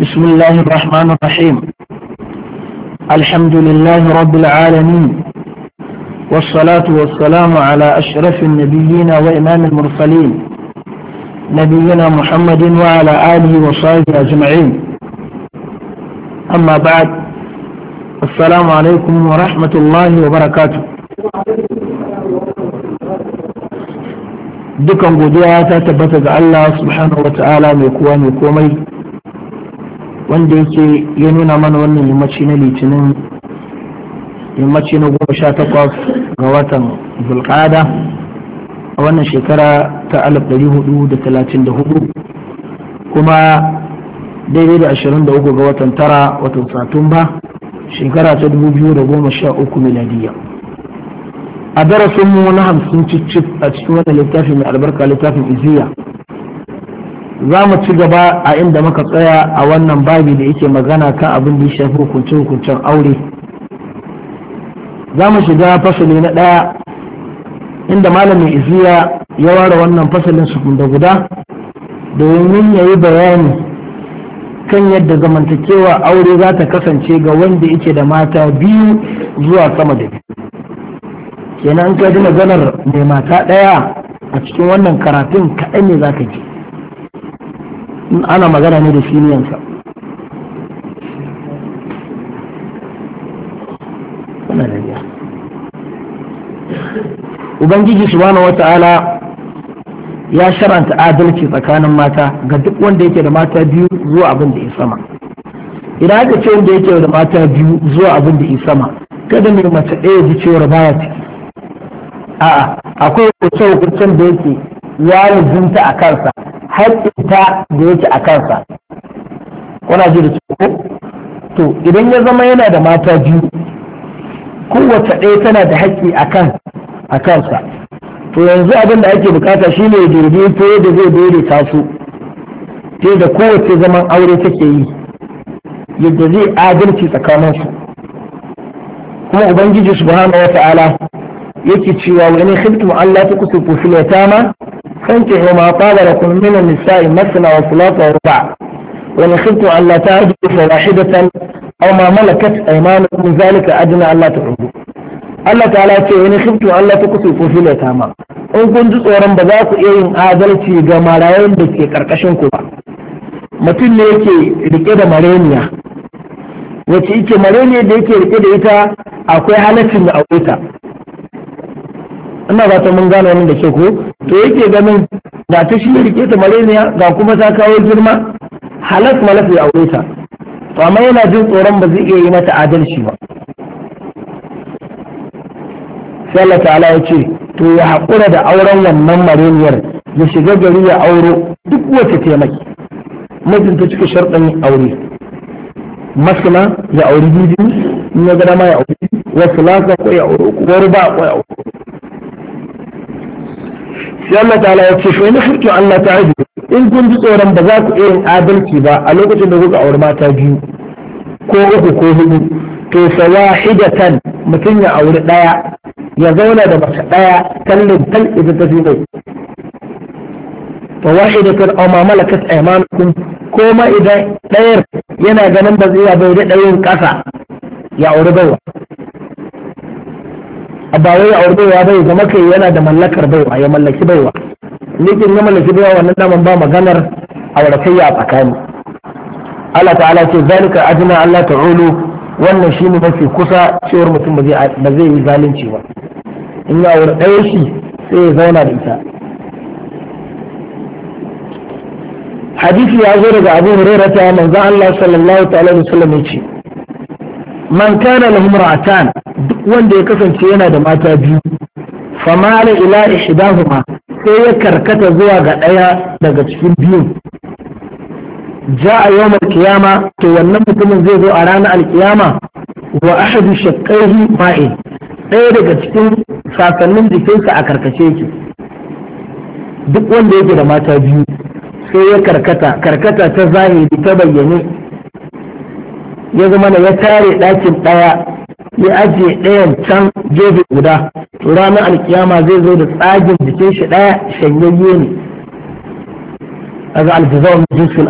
بسم الله الرحمن الرحيم الحمد لله رب العالمين والصلاة والسلام على أشرف النبيين وإمام المرسلين نبينا محمد وعلى آله وصحبه أجمعين أما بعد السلام عليكم ورحمة الله وبركاته دكم godiya تبتد الله سبحانه وتعالى ميكوان ميكومي, wanda yake ya nuna mana wannan yammaci na litinin yammaci na goma sha takwas ga watan bulkada a wannan shekara ta alif ɗari hudu da talatin da hudu kuma daidai da ashirin da uku ga watan tara watan satumba shekara ta dubu biyu da goma sha uku miladiyya a darasinmu na hamsin cicci a cikin wannan littafin mai albarka littafin iziya za mu ci gaba a inda muka tsaya a wannan babi da yake magana kan abin da ya shafi hukunce-hukuncen aure za mu shiga fasali na ɗaya inda malamin iziya ya ware wannan fasalin su da guda domin ya yi bayani kan yadda zamantakewa aure za ta kasance ga wanda yake da mata biyu zuwa sama da biyu kenan ka ji maganar mai mata ɗaya a cikin wannan karatun kaɗai ne za ka ji ana magana ne da shi niyansa ubangiji subhanahu ta'ala ya sharanta adalci tsakanin mata ga duk wanda yake da mata biyu zuwa abin da ya sama idan aka ce wanda yake da mata biyu zuwa abin da ya sama kada mai mace ɗaya ji cewar baya ciki a'a akwai hukunce hukuncen da yake ya zinta a kansa haƙƙinta da yake a kansa kuna ji da ko to idan ya zama yana da mata biyu kowace ɗaya tana da haƙƙi a kansa to yanzu abin da ake bukata shine jirgin ta yadda zai daidaita su ta da kowace zaman aure take yi yadda zai adalci tsakanin su kuma ubangiji subhanahu ta'ala yake cewa wani in Allah ta kusa fil ma? فانكحوا ما طاب لكم من النساء مثنى وثلاث ورباع وإن خفتم ألا تعجبوا فواحدة أو ما ملكت أيمانكم ذلك أدنى ألا تعودوا Allah ta'ala ce wani shiftu Allah ta kusa kofi da tama in kun tsoron ba za ku iya yin adalci ga marayen ke ku ba mutum ne yake rike da mareniya wacce ike mareniya da yake rike da ita akwai halaccin da aure ta ina ba ta mun gane wannan da ke ko to yake ganin ga ta shi rike ta maleniya ga kuma ta kawo girma halas malafi ya aure ta to amma yana jin tsoron ba zai iya yi mata adalci ba sai Allah ta'ala ya ce to ya haƙura da auren wannan maleniyar ya shiga gari ya auro duk wata taimaki mijin ta cika sharɗin aure masana ya auri biyu ne ga gada ma ya auri wasu lasa ko ya auro uku ba ko ya auro sai Allah ta'ala ya ce shi ne khiftu Allah in kun ji tsoron ba za ku iya yin adalci ba a lokacin da kuka auri mata biyu ko uku ko hudu to sawahidatan mutum ya auri daya ya zauna da mace daya kallin tal idan ta fi mai fawahidatan aw ma malakat aymanukum ko ma idan dayar yana ganin ba zai bai da dayin kasa ya auri baiwa ba wai a ya bai zama kai yana da mallakar baiwa ya mallaki baiwa lekin ya mallaki baiwa wannan naman ba maganar auratayya a tsakani Allah ta'ala ce zalika ajna Allah ta'ulu wannan shine mafi kusa cewar mutum ba zai yi zalunci ba in ya aure ɗaya shi sai ya zauna da ita hadisi ya zo daga abu hurairah ta manzo Allah sallallahu ta'ala wa sallam ya ce man kana lahum ra'atan duk wanda ya kasance yana da mata biyu famala ila ihdahuma sai ya karkata zuwa ga daya daga cikin biyun yau mai kiyama to wannan mutumin zai zo a ranar alkiyama wa ahadu shaqqaihi ma'i daya daga cikin sakannin jikinsa a karkace yake duk wanda yake da mata biyu sai ya karkata karkata ta zahiri ta bayyane ya zama na ya tare ɗakin ɗaya ya ajiye ɗayan can gefe guda to ranar alkiyama zai zo da tsagin jikin shi ɗaya shanyayye ne a ga alfizawar jinsul